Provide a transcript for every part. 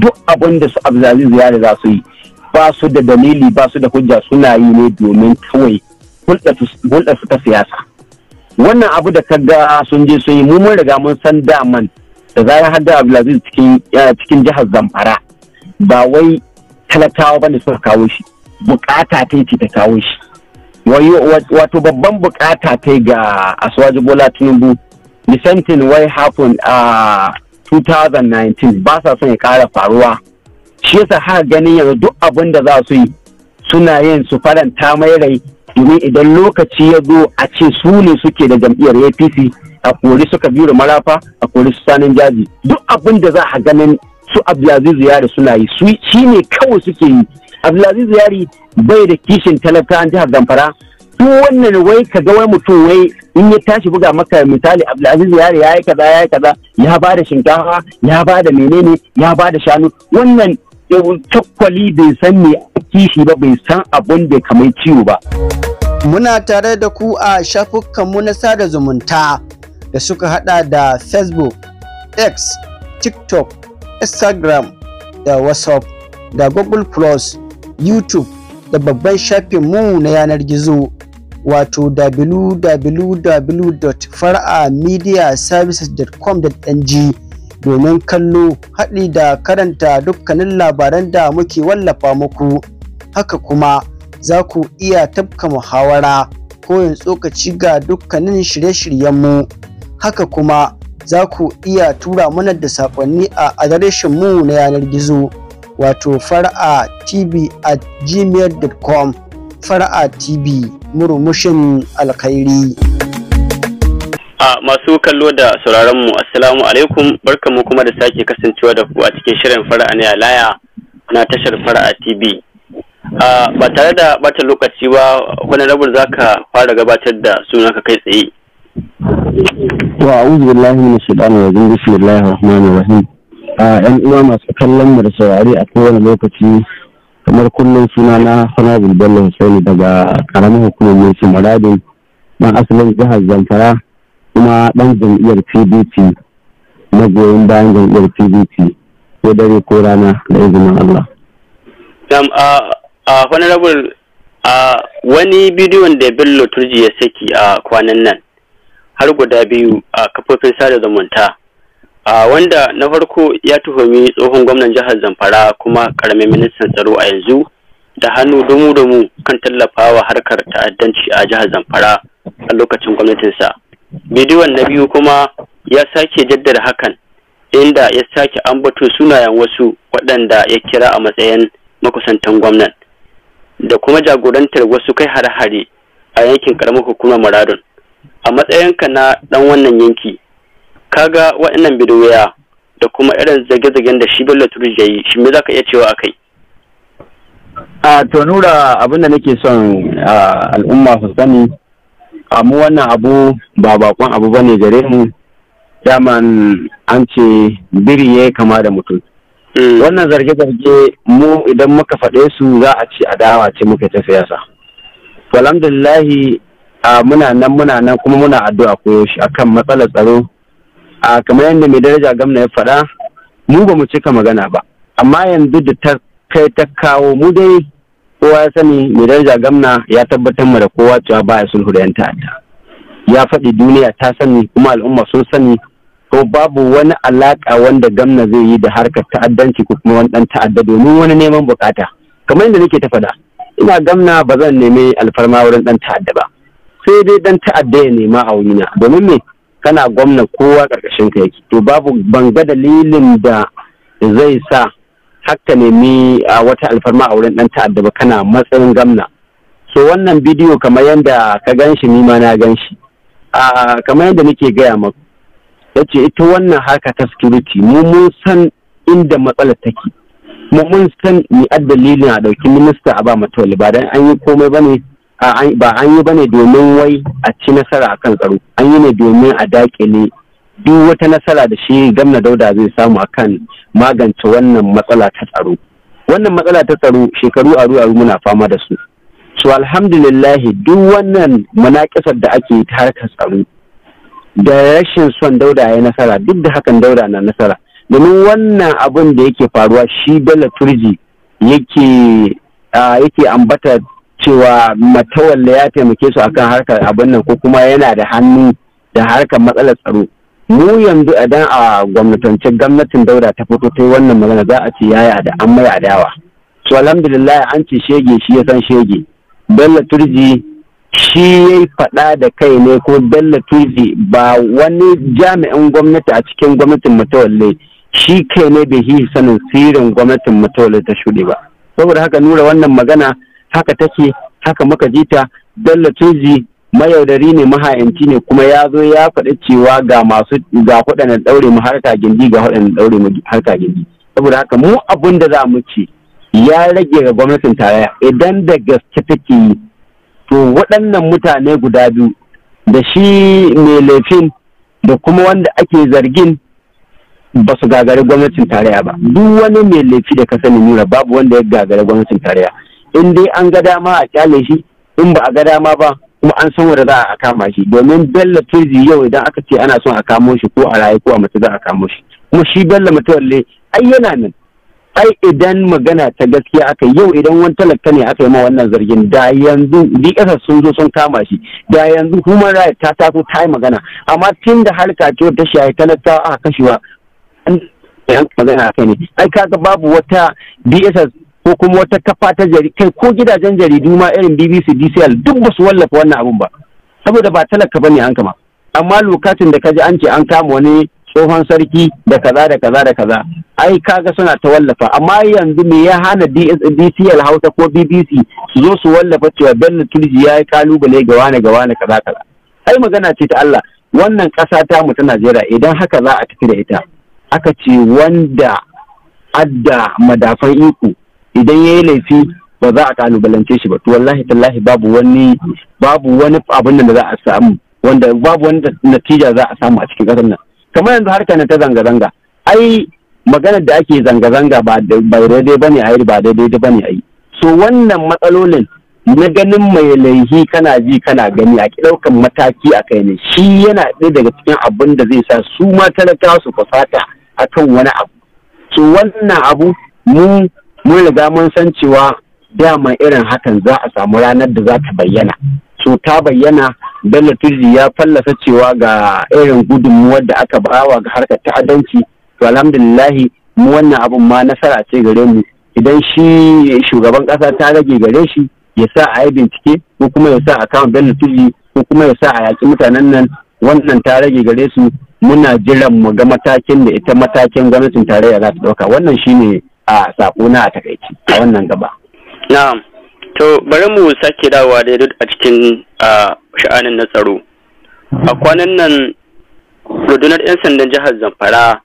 duk abin da su abzali ziyara za su yi ba su da dalili ba su da hujja suna yi ne domin kawai hulɗa su ta siyasa wannan abu da ka ga sun je sun yi mu mun riga mun san daman da zarar hadda abdulaziz cikin cikin jihar zamfara ba wai talakawa ne suka kawo shi bukata ta ce ta kawo shi wato babban bukata ta ga aswaji bola tinubu nisantin wai happened uh, 2019 ba sa son ya kara faruwa shi yasa har ganin yanzu duk abin da za su yi suna yin su faranta mai rai domin idan lokaci ya zo a ce su ne suke da jam'iyyar apc a kori suka biyu marafa a kori su sanin jaji duk abin da za a ganin su abdulaziz yari suna yi su shi ne kawai suke yi abdulaziz yari bai da kishin talaka an jihar zamfara duk wannan wai ka ga wai mutum wai in ya tashi buga maka misali Abdulaziz Yare ya yi kaza ya yi kaza ya ba da shinkafa ya ba da menene ya ba da shanu wannan takwali bai san me kishi ba bai san abun da kamar ciwo ba. Muna tare da ku a shafukanmu na sada zumunta da suka hada da Facebook, X, TikTok, Instagram da WhatsApp da Google Plus, YouTube da babban shafin mu na yanar gizo wato www.faramediaservices.com.ng domin kallo haɗi da karanta dukkanin labaran da muke wallafa muku haka kuma za ku iya tafka muhawara ko yin tsokaci ga dukkanin shirye-shiryenmu haka kuma za ku iya tura mana da saƙonni a mu na yanar gizo wato fara tv at gmail.com Far'a tv murmushin alkhairi a masu kallo da sauraronmu, mu assalamu alaikum mu kuma da sake kasancewa da ku a cikin shirin fara'a ne laya na tashar fara'a tv ba tare da bata lokaci ba wani rabin za ka fara gabatar da suna ka kai tsaye wa a'udhu billahi minash shaitani rajim bismillahir rahmanir rahim a yan uwa masu kallon mu da saurari a kowane lokaci kamar kullum suna na sanabul bello husaini daga karamin hukumar yankin maradin dan asalin jihar zamfara kuma dan jam'iyyar pdp na goyon bayan jam'iyyar pdp ko dare ko rana da izinin allah dam a honorable a wani bidiyon da bello turji ya saki a kwanan nan har guda biyu a kafofin sada zamanta. a wanda na farko ya tuhumi tsohon gwamnan jihar zamfara kuma karamin ministan tsaro a yanzu da hannu dumu domu kan tallafawa harkar ta'addanci a jihar zamfara a lokacin gwamnatinsa bidiyon na biyu kuma ya sake jaddada hakan inda ya sake ambato sunayen wasu waɗanda ya kira a matsayin makusantan gwamnan da kuma jagorantar wasu kai har hare a yankin karamar hukumar maradon a matsayinka na ɗan wannan yanki kaga waɗannan bidiyoya da kuma irin zage-zagen da shi bello turu ya yi shi me za ka iya cewa akai a to nura abin da nake son al'umma su sani mu wannan abu ba bakon abu bane gare mu daman an ce biri ya kama da mutum hmm. wannan zarge-zarge mu idan muka faɗe su za a ci adawa ce muka ta siyasa alhamdulillahi muna nan muna nan kuma muna addu'a shi akan matsalar tsaro a kamar yadda mai daraja gamna ya faɗa mu ba mu cika magana ba amma yanzu da ta kai ta kawo mu dai kowa ya sani mai daraja gamna ya tabbatar mu da kowa cewa baya sulhu da 'yan ta'adda ya faɗi duniya ta sani kuma al'umma sun sani ko babu wani alaƙa wanda gamna zai yi da harkar ta'addanci ko kuma wani ɗan ta'adda domin wani neman bukata kamar yadda nake ta faɗa ina gamna ba zan nemi alfarma wurin ɗan ta'adda ba sai dai ɗan ta'adda ya nema a wurina domin me kana gwamna kowa ƙarƙashin ka yake to babu banga dalilin da zai sa haka nemi a wata alfarma a wurin ɗan ta'adda ba kana matsayin gwamna so wannan bidiyo kamar yadda ka gan shi ma na gan shi kamar yadda nake gaya maku ya ce ita wannan haka ta security mu mun san inda matsalar take mu mun san ni a dalilin a ɗauki minista a ba matawali ba dan an yi komai ba ne ba an yi ba ne domin wai a ci nasara a kan tsaro an yi ne domin a dakile duk wata nasara da shi gamna dauda zai samu akan magance wannan matsala ta tsaro wannan matsala ta tsaro shekaru aru aru muna fama da su so alhamdulillahi duk wannan munakisar da ake ta harkar tsaro da rashin son dauda ya nasara duk da hakan dauda na nasara domin wannan abin da yake faruwa shi dala turji yake yake ambata cewa Matawalle ya taimake su akan harkar abin nan ko kuma yana da hannu da harkar matsalar tsaro mu yanzu idan a gwamnatance gwamnatin daura ta fito ta wannan magana za a ce yi da an mai adawa so alhamdulillah an ce shege shi ya san shege bello turji shi ya faɗa da kai ne ko bello turji ba wani jami'in gwamnati a cikin gwamnatin matawalle shi kai ne bai yi sanin sirrin gwamnatin matawalle ta shuɗe ba saboda haka nura wannan magana haka take haka muka ji ta dalla mayaudari ne maha'inci ne kuma ya zo ya faɗi cewa ga masu ga kuɗin ɗaure mu harka gindi ga kuɗin ɗaure mu harka gindi saboda haka mu abin da za mu ce ya rage ga gwamnatin tarayya idan da gaske take yi to waɗannan mutane guda biyu da shi mai laifin da kuma wanda ake zargin ba su gagari gwamnatin tarayya ba duk wani mai laifi da ka sani nura babu wanda ya gagari gwamnatin tarayya in dai an ga dama a kyale shi in ba a ga dama ba kuma an san wanda za a kama shi domin bello turji yau idan aka ce ana son a kamo shi ko a raye ko a mace za a kamo shi kuma shi bello mutuwalle ai yana nan ai idan magana ta gaskiya aka yau idan wani talaka ne aka yi ma wannan zargin da yanzu DSS sun zo sun kama shi da yanzu human rights ta tafi ta yi magana amma tun da harka ce ta shaye talakawa aka kashewa magana a ne ai kaga babu wata DSS ko kuma wata kafa ta jari kai ko gidajen jaridu ma irin BBC DCL duk ba su wallafa wannan abun ba saboda ba talaka bane an kama amma lokacin da kaji an ce an kama wani tsohon sarki da kaza da kaza da kaza ai kaga suna ta wallafa amma yanzu me ya hana DCL Hausa ko BBC su zo su wallafa cewa Bello Turji ya yi kalubale ga wani ga wani kaza kaza ai magana ce ta Allah wannan ƙasa ta mu ta Najeriya idan haka za a tafi da ita aka ce wanda adda madafan iko idan ya yi laifi ba za a kalubalance shi ba to wallahi tallahi babu wani babu wani abin da za a samu wanda babu wani natija za a samu a cikin ƙasar nan kamar yanzu harka na ta zanga-zanga ai maganar da ake zanga-zanga ba daidai ba ne a yi ba daidai ba ne a yi so wannan matsalolin na ganin mai laihi kana ji kana gani a ɗaukan mataki a kai ne shi yana ɗaya daga cikin abin da zai sa su ma talakawa su fasata akan wani abu so wannan abu mu mun riga mun san cewa dama irin hakan za a samu ranar da za ta bayyana so ta bayyana bello turji ya fallasa cewa ga irin gudunmuwar da aka bawa ga harkar ta'addanci to alhamdulillahi mu wannan abun ma nasara ce gare mu idan shi shugaban kasa ta rage gare shi ya sa a yi bincike ko kuma ya sa a kama bello turji ko kuma ya sa a yaki mutanen nan wannan ta rage gare su muna jiran mu ga matakin da ita matakin gwamnatin tarayya za ta ɗauka wannan shine a sako na a takaici a wannan gaba na'am to bari mu sake dawowa da a cikin sha'anin na tsaro a kwanan nan rundunar 'yan sandan jihar zamfara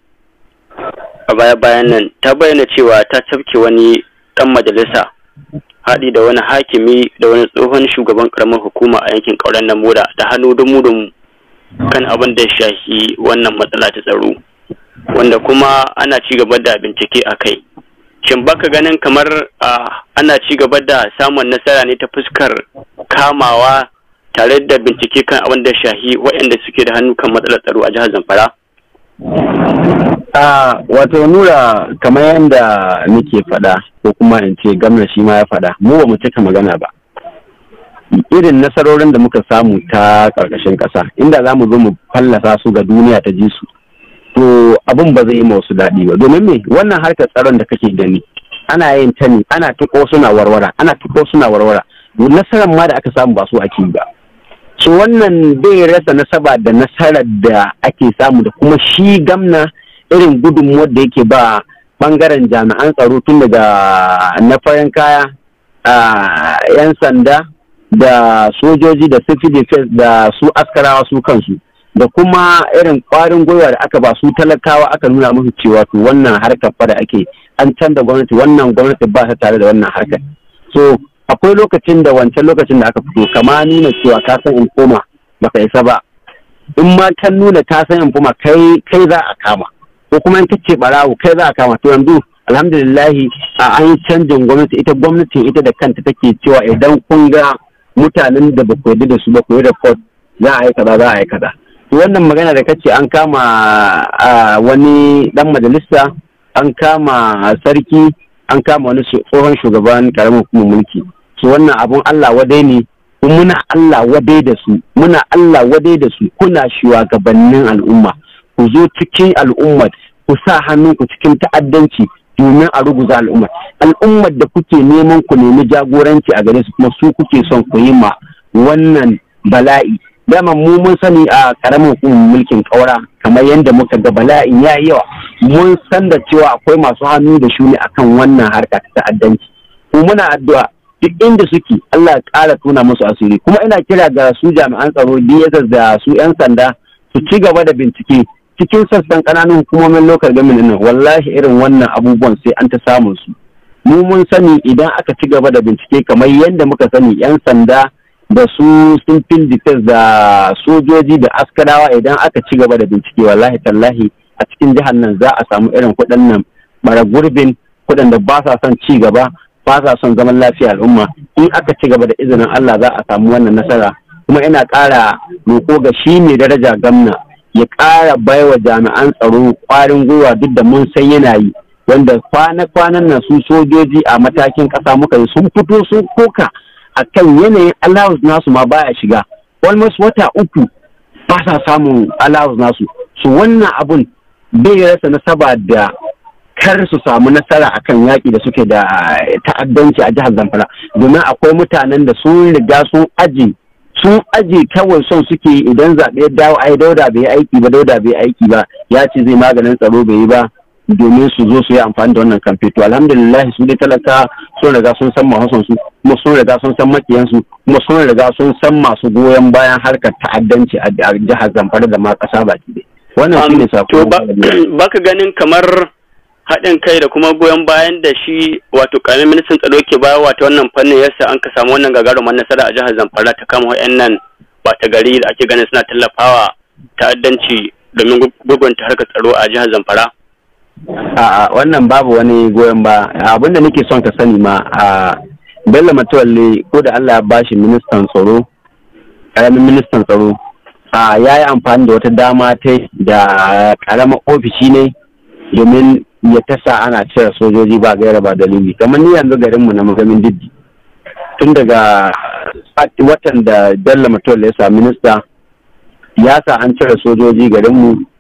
a baya-bayan nan ta bayyana cewa ta tafke wani ɗan majalisa haɗi da wani hakimi da wani tsohon shugaban ƙaramin hukuma a yankin ƙauren na moda da hannu dumu-dumu kan abin da shahi wannan matsala ta tsaro wanda kuma ana ci gaba da bincike a kai shin baka ganin kamar ana ci gaba da samun nasara ne ta fuskar kamawa tare da bincike kan abin da shahi waɗanda suke da hannu kan matsalar tsaro a jihar zamfara wato nura kamar yadda nake faɗa ko kuma in ce gamna shi ma ya faɗa mu ba mu cika magana ba irin nasarorin da muka samu ta ƙarƙashin ƙasa inda za mu zo mu fallasa su ga duniya ta ji su to abin ba zai yi wasu daɗi ba domin me wannan harkar tsaron da kake gani ana yin ta ne ana tuko suna warwara ana tuko suna warwara nasarar ma da aka samu ba su ake ba so wannan bai rasa nasaba da nasarar da ake samu da kuma shi gamna irin gudunmuwar da yake ba bangaren jami'an tsaro tun daga na farin kaya yan sanda da sojoji da safety defense da su askarawa su kansu da kuma irin kwarin gwiwa da aka ba su talakawa aka nuna musu cewa to wannan harkar fa da ake an canza gwamnati wannan gwamnati ba ta tare da wannan harkar so akwai lokacin da wancan lokacin da aka fito kama nuna cewa ka san in koma baka isa ba in ma kan nuna ka san in koma kai za a kama ko kuma in kace barawo kai za a kama to yanzu alhamdulillahi a an yi canjin gwamnati ita gwamnatin ita da kanta take cewa idan kun ga mutanen da ba ku yi da su ba ku yi report za a yi kaza za a yi kaza wannan magana da kace an kama wani dan majalisa an kama sarki an kama wani tsohon shugaban karamin hukumar mulki su wannan abun Allah wadai ne muna Allah wadai da su muna Allah wadai da su kuna shugabannin al'umma ku zo cikin al'umma ku sa hannu ku cikin ta'addanci domin a ruguza al'umma al'ummar da kuke neman ku nemi jagoranci a gare su kuma su kuke son ku yi ma wannan bala'i dama mu mun sani a karamin mulkin kaura kamar yadda muka ga bala'in ya yi yawa mun san da cewa akwai masu hannu da shuni akan wannan harka ta ta'addanci ko muna addu'a duk inda suke Allah ya ƙara tona musu asiri kuma ina kira ga su jami'an tsaro DSS da su 'yan sanda su ci gaba da bincike cikin sassan ƙananan hukumomin lokal gamin nan wallahi irin wannan abubuwan sai an ta samun su mu mun sani idan aka ci gaba da bincike kamar yadda muka sani 'yan sanda da su sun defense da sojoji da askarawa idan aka ci gaba da bincike wallahi tallahi a cikin jihar nan za a samu irin kuɗin nan mara gurbin kuɗin da ba sa son ci gaba ba sa son zaman lafiya al'umma in aka ci gaba da izinin Allah za a samu wannan nasara kuma ina ƙara roko ga shi mai daraja gamna ya ƙara baiwa jami'an tsaro ƙwarin gwiwa duk da mun san yana yi wanda kwana-kwanan nan su sojoji a matakin ƙasa muka yi sun fito sun koka a kan yanayin allowance nasu ma baya shiga almost wata uku ba sa samun allowance nasu su wannan abun bai rasa nasaba da kar su samu nasara akan yaƙi da suke da eh, ta'addanci a jihar zamfara domin akwai mutanen da sun riga sun aji sun aji kawai son suke idan zaɓe dawo ai dauda bai aiki ba dauda bai aiki ba ya ce zai maganin tsaro bai yi ba domin su zo su yi amfani da wannan kamfe to alhamdulillah su dai talaka sun riga sun san mahasan su kuma sun riga sun san makiyan su kuma sun riga sun san masu goyon bayan harkar ta'addanci a jihar Zamfara da ma kasa baki dai wannan shine sako um, to baka ganin kamar haɗin kai da kuma goyon bayan da shi wato karamin ministan tsaro ke bayar wato wannan fannin yasa an ka samu wannan gagarumar nasara a jihar Zamfara ta kama nan. ba ta gari da ake ganin suna tallafawa ta'addanci domin gurgunta harkar tsaro a jihar Zamfara a'a wannan babu wani goyon ba abinda nake son ka sani ma a bello matuwalle ko da allah ya bashi ministan tsaro karamin ministan tsaro a ya yi amfani da wata dama ta da karamin ofishi ne domin ya tasa ana cire sojoji ba gaira ba dalili kamar ni yanzu garinmu na magamin diddi tun daga watan da bello matuwalle ya sa minista ya sa an cire sojoji garinmu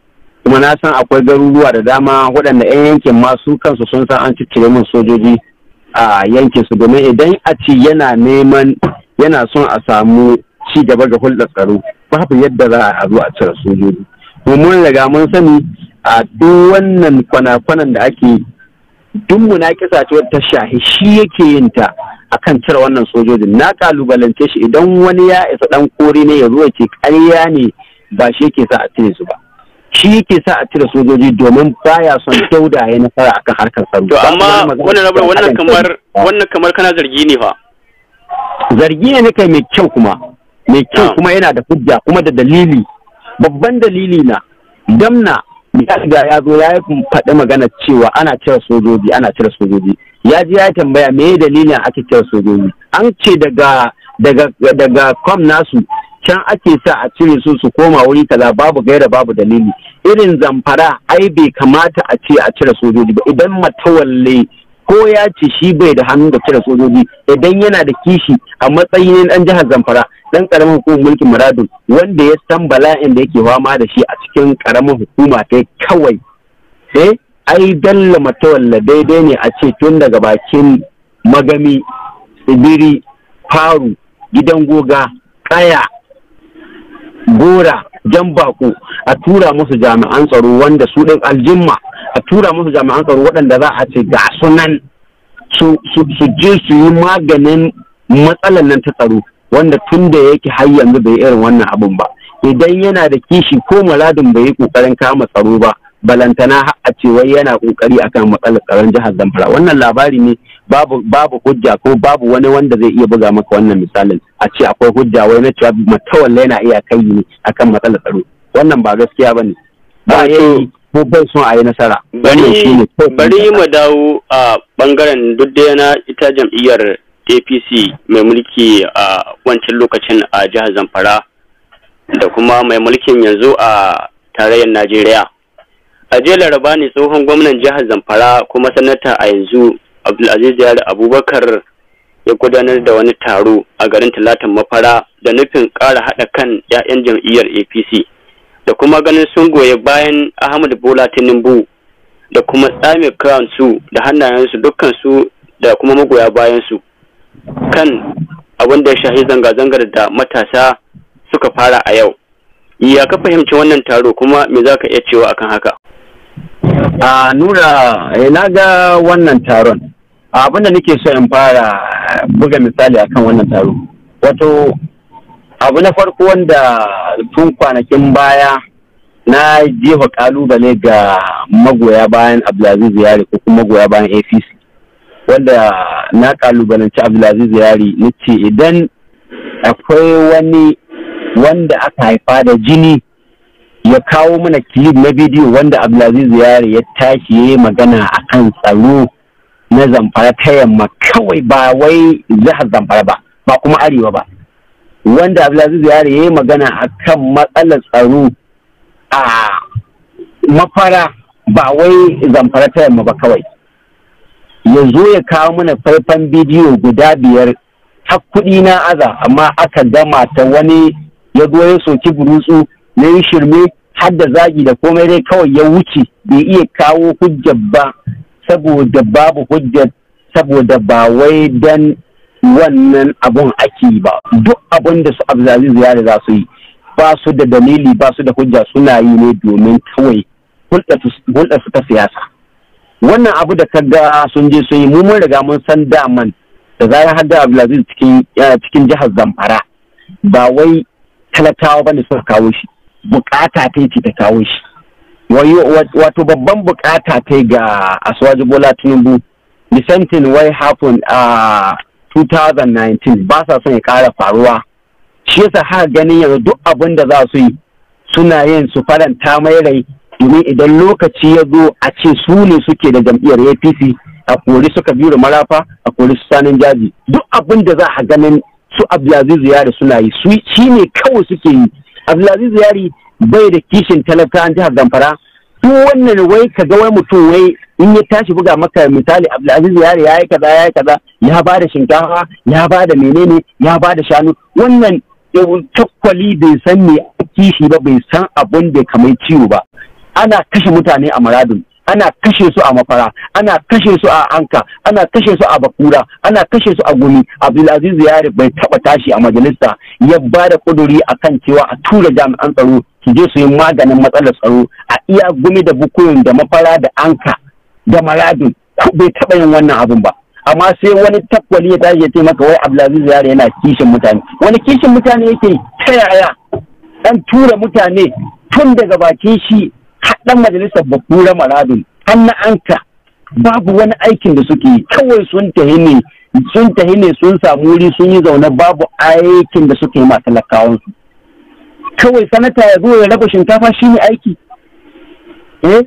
kuma na san akwai garuruwa da dama waɗanda 'yan yankin masu kansu sun san an ciccire min sojoji a yankin su domin idan a ci yana neman yana son a samu ci gaba ga hulɗar tsaro babu yadda za a zo a cire sojoji domin riga mun sani a duk wannan kwana-kwanan da ake duk munakisa ce ta shahi shi yake yin ta a kan cire wannan sojojin na kalubalance shi idan wani ya isa ɗan kori ne ya zo ce ƙarya ne ba shi yake sa a cire su ba shi yake sa a cire sojoji domin baya son dauda ya nasara akan harkar tsaro. To amma wannan rabar wannan kamar wannan kamar kana zargi ne fa. Zargi ne kai mai kyau kuma mai kyau ah. kuma yana da hujja kuma da dalili babban dalili na damna ya ya zo ya faɗi magana cewa ana cire sojoji ana cire sojoji ya ji ya tambaya me dalilin ake cire sojoji an ce daga daga daga kwam nasu can ake sa a cire su su koma wuri kaza babu gaira babu dalili irin zamfara ai bai kamata a ce a cire sojoji ba idan matawalle ko ya ce shi bai da hannu da cire sojoji idan yana da kishi a matsayin ɗan jihar zamfara ɗan karamin hukumar mulkin muradun wanda ya san bala'in da yake fama da shi a cikin ƙaramin hukuma ta kawai sai eh, ai dalla matawalla daidai ne a ce tun daga bakin magami tsibiri faru gidan goga kaya gora jan baƙo a tura musu jami'an tsaro wanda su ɗin aljimma a tura musu jami'an tsaro waɗanda za a ce ga sunan su je su yi maganin matsalan nan ta tsaro wanda tun da yake har yanzu bai irin wannan abin ba idan yana da kishi ko muradin bai yi kokarin kama tsaro ba balantana a ce wai yana kokari akan matsalar tsaron jihar Zamfara wannan labari ne babu hujja ko babu wani wanda zai iya buga maka wannan misalin a ce akwai hujja wai na cewa matawalle yana iya kai ne akan matsalar tsaro wannan ba gaskiya ba ne ba yi ko bai son a yi nasara bari mu dawo a bangaren duk da yana ita jam'iyyar apc mai mulki a wancan lokacin a jihar zamfara da kuma mai mulkin yanzu a tarayyar najeriya a jiya laraba ne tsohon gwamnan jihar zamfara kuma sanata a yanzu abdulaziz yari abubakar ya gudanar da wani taro a garin Talatan Mafara da nufin ƙara haɗa kan 'ya'yan jam'iyyar APC da kuma ganin sun goye bayan Ahmadu Bola Tinubu da kuma tsame crown su da hannayensu dukkan su da kuma magoya bayan su kan abin da ya shahi zanga-zangar da matasa suka fara a yau. Ya ka fahimci wannan taro kuma me za ka iya cewa akan haka? A nura, eh, na ga wannan taron. abinda nake so in fara buga misali akan wannan taro wato abu na farko wanda tun kwanakin baya na jefa kalubale ga magoya bayan abdulaziz yari ko kuma magoya bayan apc wanda na kalubalanci abdulaziz yari na ce idan akwai wani wanda aka haifa da jini ya kawo mana kilib na bidiyo wanda abdulaziz yari ya tashi ya yi magana akan tsaro na zamfara ta yamma kawai ba wai jihar zamfara ba ba kuma arewa ba wanda abdulaziz yare ya yi magana a kan matsalar tsaro a mafara ba wai zamfara ta yamma ba kawai ya zo ya kawo mana faifan bidiyo guda biyar ta kuɗi na aza amma aka gama ta wani ya zo ya soki burutsu na yi shirme har da zagi da komai dai kawai ya wuce bai iya kawo hujjar ba saboda babu hujjar saboda ba wai dan wannan abun ake ba duk abun da su abzazi ya za su yi ba su da dalili ba su da hujja suna yi ne domin kawai hulɗa su ta siyasa wannan abu da kaga sun je su yi mu mun riga mun san daman da zarar har da abdulaziz cikin jihar zamfara ba wai talakawa ne suka kawo shi bukata ta ce ta kawo shi wato babban bukata ta ga asuwaji bola tinubu the same thing wai happened uh, a 2019 ba sa son ya kara faruwa shi yasa har ganin yanzu duk abin da za su yi suna yin su faranta mai rai domin idan lokaci ya zo a ce su ne suke da jam'iyyar apc a kori suka biyu marafa a kori su sanin jaji duk abin da za a ganin su abdulaziz yari suna yi su shi ne kawai suke yi abdulaziz yari bai da kishin an jihar zamfara duk wannan wai ka ga wai mutum wai in ya tashi buga maka misali Abdulaziz Yare ya yi kaza ya yi kaza ya ba da shinkafa ya ba da menene ya ba da shanu wannan cokali bai san me kishi ba bai san abun da kamar ciwo ba ana kashe mutane a muradin ana kashe su a mafara ana kashe su a anka ana kashe su a bakura ana kashe su a gumi abdulaziz yari bai taba tashi a majalisa ya ba da kuduri kan cewa a tura jami'an tsaro su je su yi maganin matsalar tsaro a iya gumi da bukuyin da mafara da anka da maradin bai taba yin wannan abin ba amma sai wani takwali ya tashi ya ce maka wai abdulaziz yari yana kishin mutane wani kishin mutane yake ta yaya an tura mutane tun daga bakin shi haɗan majalisar bakura maradun an anka babu wani aikin da suke yi kawai sun tahi ne sun tahi ne sun samu wuri sun yi zaune babu aikin da suke yi ma su kawai sanata ya zo ya raba shinkafa shi ne aiki eh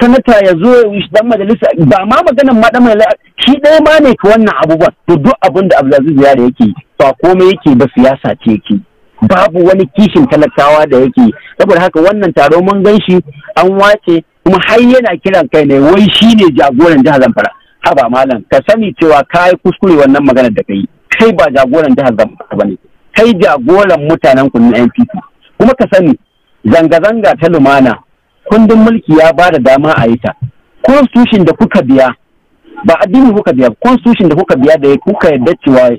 sanata ya zo ya dan majalisa ba ma maganan ma dan majalisa shi ɗaya ma ne ka wannan abubuwan to duk abin da Abdulaziz Yare yake ba komai yake ba siyasa ce yake babu wani kishin talakawa da yake saboda haka wannan taro mun gan shi an wace kuma har yana kiran kai ne wai shi ne jagoran jihar zamfara haba malam ka sani cewa ka yi kuskure wannan maganar da ka yi kai ba jagoran jihar zamfara ba ne kai jagoran mutanen na npp kuma ka sani zanga-zanga ta lumana kundin mulki ya ba da dama a yi ta constitution da kuka biya ba addini kuka biya constitution da kuka biya da kuka yarda cewa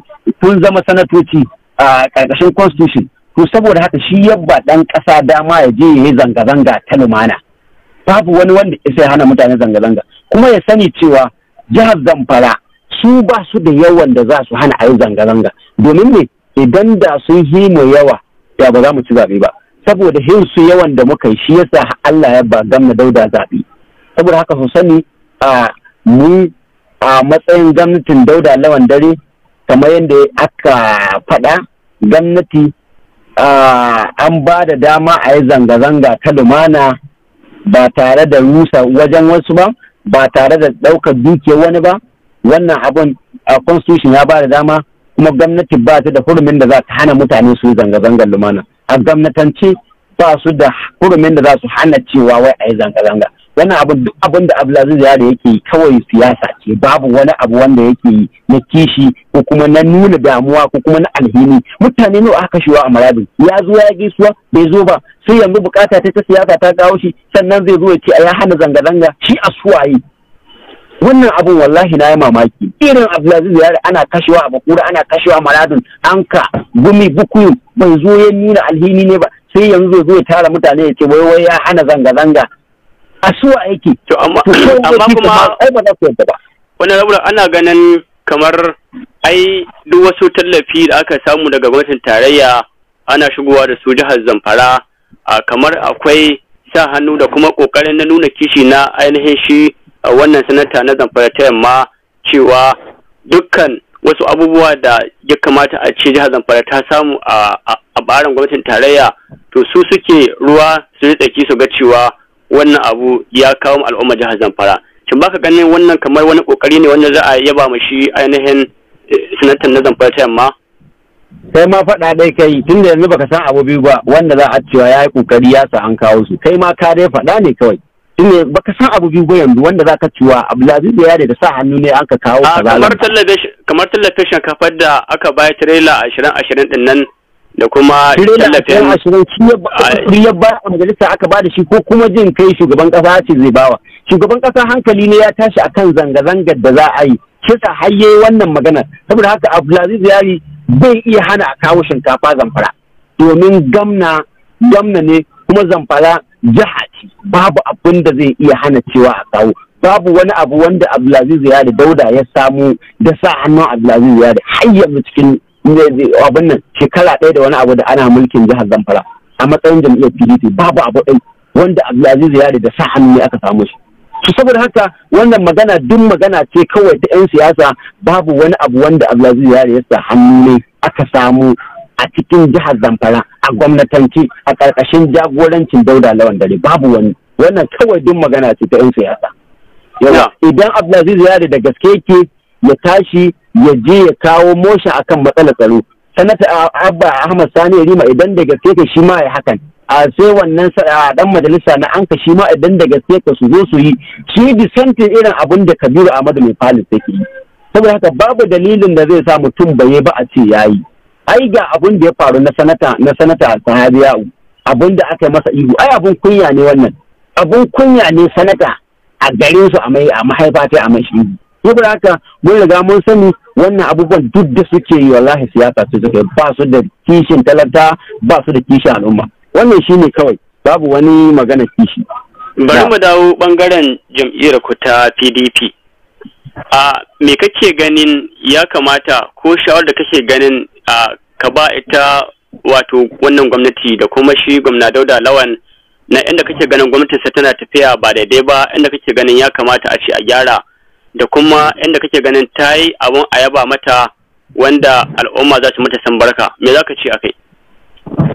kun zama sanatoci a ƙarƙashin constitution to saboda haka shi yabba ɗan ƙasa dama ya je ya yi zanga-zanga ta lumana babu wani wanda ya hana mutane zanga-zanga kuma ya sani cewa jihar zamfara su ba su da yawan da za su hana a yi zanga-zanga domin ne idan da sun yi mu yawa ya ba za mu ci zaɓe ba saboda yin su yawan da muka yi shi ya sa Allah ya ba gamna dauda zaɓe saboda haka su sani a mu a matsayin gwamnatin dauda lawan dare kamar yadda aka faɗa gwamnati an ba da dama a yi zanga-zanga ta lumana ba tare da rusa wajen wasu ba ba tare da ɗaukar dukiyar wani ba wannan abin a constitution ya ba da dama kuma gwamnati ba ta da hurumin da za ta hana mutane su yi zanga-zangar lumana a gwamnatance ba su da hurumin da za su hana cewa wai a yi zanga-zanga wannan abin duk abin da Abdulaziz da yake kawai siyasa ce babu wani abu wanda yake na kishi ko kuma na nuna damuwa ko kuma na alhini mutane nawa aka kashewa a maradin ya zo ya gaisuwa bai zo ba sai yanzu bukata ta siyasa ta kawo shi sannan zai zo ya ce a ya hana zanga-zanga shi a suwaye wannan abin wallahi na yi mamaki irin Abdulaziz Yare ana kashewa a Bakura ana kashewa maradin anka gumi bukuyu bai zo ya nuna alhini ne ba sai yanzu zai zo tara mutane ya ce wai wai ya hana zanga-zanga a aiki to amma kuma ai ba ana ganin kamar ai duk wasu tallafi da aka samu daga gwamnatin tarayya ana shigowa da su jihar zamfara kamar akwai sa hannu da kuma kokarin na nuna kishi na ainihin shi a wannan sanata na zamfara ta yamma cewa dukkan wasu abubuwa da ya kamata a ce jihar zamfara ta samu a barin gwamnatin tarayya to su suke ruwa su yi tsaki su ga cewa wannan abu ya kawo al'umma jihar Zamfara shin baka ganin wannan kamar wani kokari ne wanda za a yaba ma shi ainihin eh, sanatar na Zamfara ta yamma kai ma faɗa ɗai kai tunda yanzu baka san abu biyu ba wanda za a cewa ya yi kokari ya sa an kawo su kai ma ka dai faɗa ne kawai tunda baka san abu biyu ba yanzu wanda za ka cewa Abdulaziz ya da sa hannu ne an ka kawo kamar tallafin shinkafar da aka bayar tirela ashirin ashirin din nan da kuma tallafin shi ya ba a majalisa aka ba da shi ko kuma jin kai shugaban kasa ce zai bawa shugaban kasa hankali ne ya tashi akan zanga-zangar da za a yi kisa hayye wannan magana saboda haka abdulaziz yari bai iya hana a kawo shinkafa zamfara domin gamna gamna ne kuma zamfara jiha ce babu abin da zai iya hana cewa a kawo babu wani abu wanda abdulaziz yari dauda ya samu da sa hannun abdulaziz yari har yanzu cikin abin nan shekara ɗaya da wani abu da ana mulkin jihar zamfara a matsayin jam'iyyar pdp babu abu ɗai wanda abdulaziz ya da sa hannu ne aka samu shi to saboda haka wannan magana duk magana ce kawai ta 'yan siyasa babu wani abu wanda abdulaziz ya da sa hannu ne aka samu a cikin jihar zamfara a gwamnatanci, a ƙarƙashin jagorancin dauda lawan dare babu wani wannan kawai duk magana ce ta 'yan siyasa idan abdulaziz yari da gaske yake ya tashi ya je ya kawo moshi akan matsalar tsaro sanata ah, abba ahmad sani ya rima idan da gaske ka shi ma ya hakan a sai wannan ah, dan majalisa na anka shi ma idan da gaske ka su zo su yi shi disantin irin abin da kabiru ahmadu mai falis take yi saboda haka babu dalilin da zai sa mutum baye ba a ce yayi ai ga abin da ya faru na sanata na sanata sahabiya'u abin da aka masa ihu ai abin kunya ne wannan abin kunya ne sanata a garin su a mahaifata a mahaifa ta a saboda haka mun riga mun sani wannan abubuwan duk da suke yi wallahi siyasa su suke ba su da kishin talata ba su da kishin al'umma wannan shine kawai babu wani magana kishi bari mu dawo bangaren jam'iyyar ku ta PDP a me kake ganin ya kamata ko shawar da kake ganin a ka ba ita wato wannan gwamnati da kuma shi gwamna Dauda Lawan na inda kake ganin gwamnatinsa tana tafiya ba daidai ba inda kake ganin ya kamata a ce a gyara da kuma yadda kake ganin ta yi abin a yaba mata wanda al'umma za su mata san barka me za ka ce a kai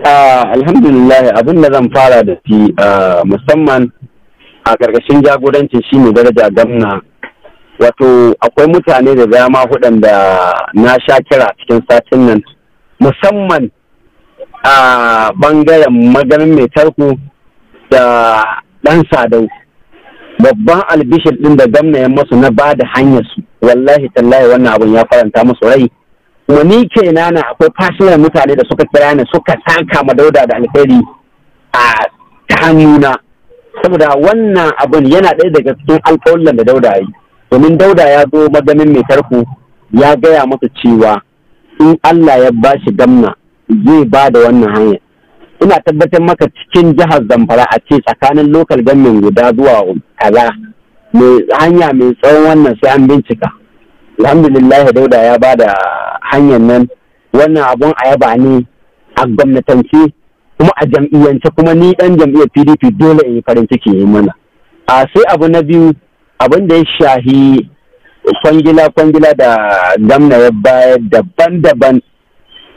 ah, alhamdulillah abin da zan fara da shi ah, musamman a ƙarƙashin jagorancin shi ne daraja gamna wato akwai mutane da dama da na sha kira cikin satin nan musamman a ɓangaren maganin mai tarko da ɗan sadau babban albishir ɗin da gamna ya masu na bada hanyar su wallahi tallahi wannan abun ya faranta musu rai kuma ni akwai fashiyar mutane da suka kira ni suka saka ma dauda da alkhairi a ta hannuna saboda wannan abun yana ɗaya daga cikin alkawarin da dauda yi domin dauda ya zo maganin mai tarko ya gaya masa cewa in Allah ya bashi shi gamna zai bada wannan hanyar ina tabbatar maka cikin jihar zamfara a ce tsakanin lokal gamin guda zuwa kaza mai hanya mai tsawon wannan sai an bincika alhamdulillah dauda ya ba da hanyar nan wannan abun a yaba ne a gwamnatance kuma a jam'iyyance kuma ni dan jam'iyyar pdp dole in yi farin ciki yi mana a sai abu na biyu abin da ya shahi kwangila kwangila da gamna ya bayar daban-daban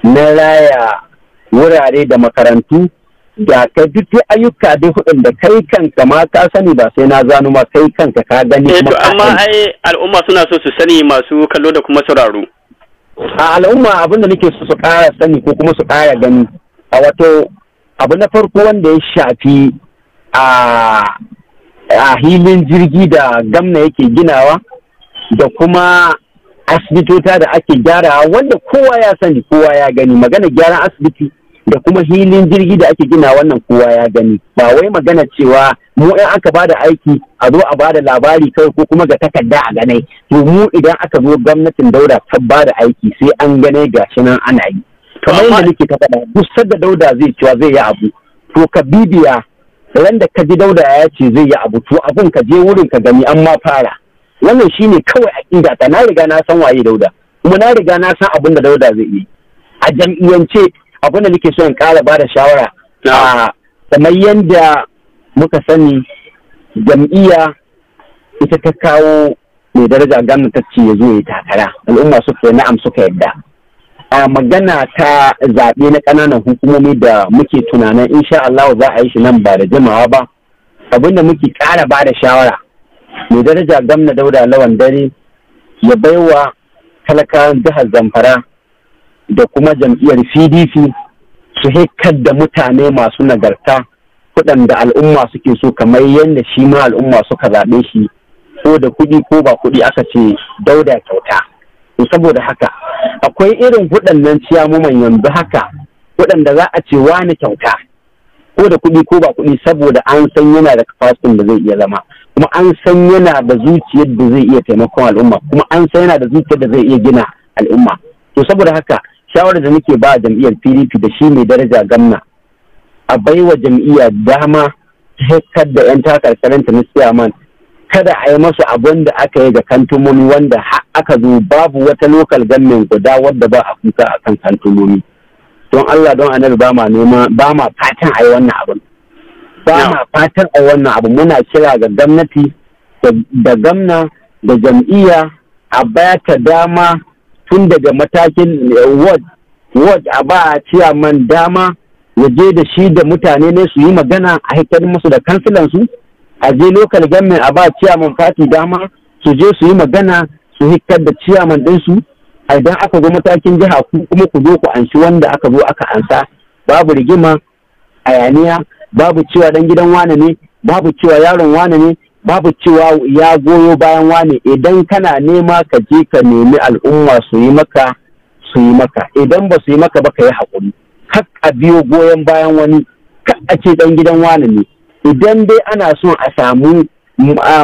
na raya wurare da makarantu da ka duk ayyuka duk hudun da kai kanka ma ka sani ba sai na zanu ma kai kanka ka gani eh, to amma ai al'umma suna so su sani masu kallo da kuma sauraro a al'umma abin da nake so su kara sani ko kuma su kara gani a wato abu na farko wanda ya shafi a a hilin jirgi da gamna yake ginawa da kuma asibitota da ake gyarawa wanda kowa ya sani kowa ya gani magana gyaran asibiti da kuma hilin jirgi da ake gina wannan kowa ya gani ba wai magana cewa mu in aka ba da aiki a zo a ba da labari kawai ko kuma ga takarda a ganai to mu idan aka zo gwamnatin dauda ta ba da aiki sai an gane gashi nan ana yi kamar yadda nake ta faɗa duk sadda dauda zai cewa zai yi abu to ka bibiya ran da ka ji dauda ya ce zai yi abu to abin ka je wurin ka gani an ma fara wannan shine kawai aƙida ta na riga na san waye dauda kuma na riga na san abin da dauda zai yi a jam'iyyance abin da nake so in ƙara ba da shawara a kamar yadda muka sani jam'iyya ita ta kawo mai daraja gwamnatacci ya zo ya takara al'umma suka na'am suka yadda a magana ta zaɓe na ƙananan hukumomi da muke tunanin insha Allah za a yi shi nan ba da jimawa ba abin da muke ƙara ba da shawara mai daraja gamna dauda lawan dare ya baiwa talakawan jihar zamfara da kuma jam'iyyar cdc su hekar da mutane masu nagarta da al'umma suke so kamar yadda shi ma al'umma suka zaɓe shi ko da kuɗi ko ba kuɗi aka ce dauda kyauta to saboda haka akwai irin mu ciyamuman yanzu haka da za a ce wani kyauta ko da kuɗi ko ba kuɗi saboda an san yana da kafasin da zai iya zama kuma an san yana da zuciyar da zai iya taimakon al'umma kuma an san yana da zuciyar da zai iya gina al'umma to saboda haka shawarar da nake ba jam'iyyar pdp da shi mai daraja gamna a baiwa jam'iyya dama ta da 'yan ta na siyaman kada a yi masa abin da aka yi ga kantumomi wanda aka zo babu wata lokal gannin guda wadda ba a kuka a kan kantumomi don Allah don anar ba ma noma ba ma fatan a yi wannan abin ba ma fatan a wannan abin. muna kira ga gwamnati da gamna da jam'iyya a baya ta dama tun daga matakin eh, ward ward a ba ciyaman dama ya je da shi da mutane ne su yi magana a haikar musu da kansilansu a je local government a ba ciyaman fati dama su je su yi magana su hikar da ciyaman ɗinsu idan aka zo matakin jiha kuma ku zo ku anshi wanda aka zo aka ansa babu rigima ayaniya babu cewa dan gidan wane ne babu cewa yaron wane ne babu cewa ya goyo bayan wane idan kana nema ka je ka nemi al'umma su yi maka su yi maka idan ba su yi maka ba ka yi haƙuri kak a biyo goyon bayan wani kak a ce ɗan gidan wane ne idan dai ana so a samu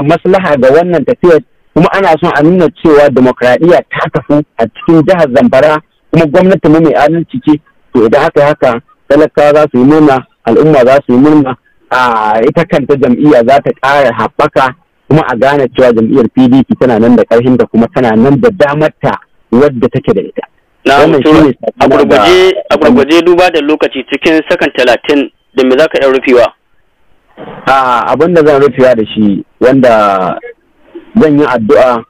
maslaha ga wannan tafiyar kuma ana so a nuna cewa demokradiyya ta tafi a cikin jihar zamfara kuma gwamnati mu mai adalci ce to idan haka haka talakawa za su yi murna al'umma za su yi murna a ita kanta jam'iyya za ta ƙara haɓaka kuma a gane cewa jam'iyyar pdp tana nan da ƙarfin da kuma tana nan da damarta wadda take da ita Na a gurguje duba da lokaci cikin sakan talatin da me za ka yan rufewa abin da zan rufewa da shi wanda zan yi addu'a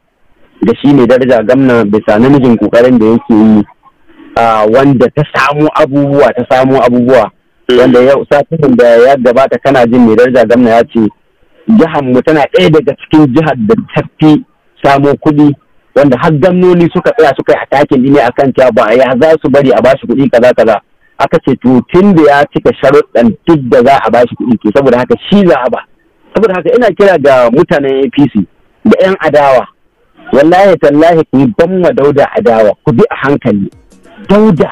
da shi ne daraja gamna bisa namijin kokarin da yake yi wanda ta samu abubuwa ta samu abubuwa Eh. wanda yau satin da ya gabata kana jin mai daraja gamna ya ce jihar mu tana ɗaya daga cikin jihar da ta fi samo kuɗi wanda har gamnoni suka tsaya suka yi atakin ne a kan ba ya za su bari a bashi kuɗi kaza kaza aka ce to tun da ya cika sharuɗan duk da za a bashi kuɗi ke, saboda haka shi za a ba saboda haka ina kira ga mutanen APC da 'yan adawa wallahi tallahi ku yi ban ma dauda adawa ku bi a hankali dauda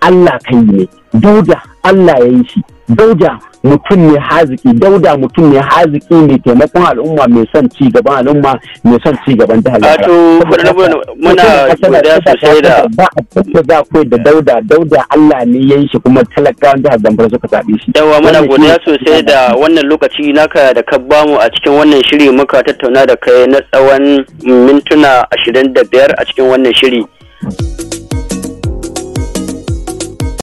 Allah kai ne dauda Allah ya yi shi dauda mutum ne haziki dauda mutum ne haziki mai taimakon al'umma mai son ci gaban al'umma mai son ci gaban da Ato, muna godiya sosai da ba a tattaza kai da dauda dauda Allah ne ya yi shi kuma talakawan jihar Zamfara suka zabe shi yawa muna godiya sosai da wannan lokaci naka da ka bamu a cikin wannan shiri muka tattauna da kai na tsawon mintuna ashirin da biyar a cikin wannan shiri